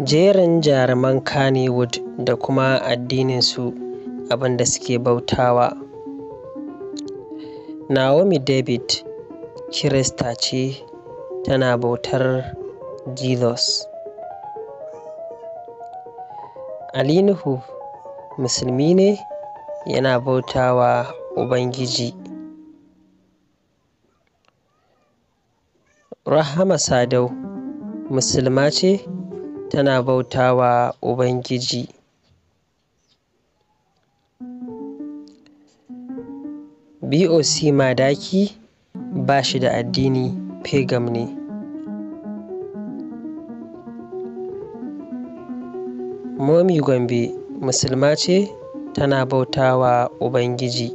jerin jaruman Kannywood da kuma addininsu abinda suke bautawa. Naomi David Kirista ce tana bautar Jesus. Ali Nuhu Musulmi ne yana bautawa Ubangiji. Rahama Sadau Musulma ce tana bauta wa Ubangiji. BOC Madaki ba shi da addini pagam ne. Momi Gombe Musulma ce tana bauta wa Ubangiji.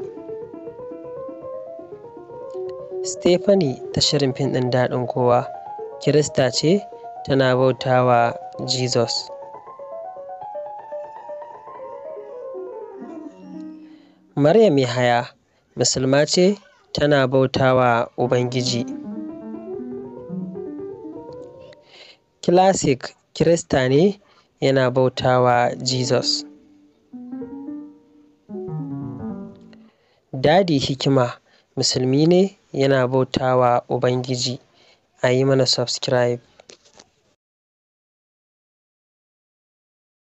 Stephanie ta shirin fin ɗin daɗin kowa Kirista ce tana bauta wa Jesus. Maryam Yahaya musulma ce tana bautawa Ubangiji. Classic Kirista ne yana bautawa Jesus. Dadi Hikima musulmi ne yana bautawa Ubangiji. A yi mana subscribe.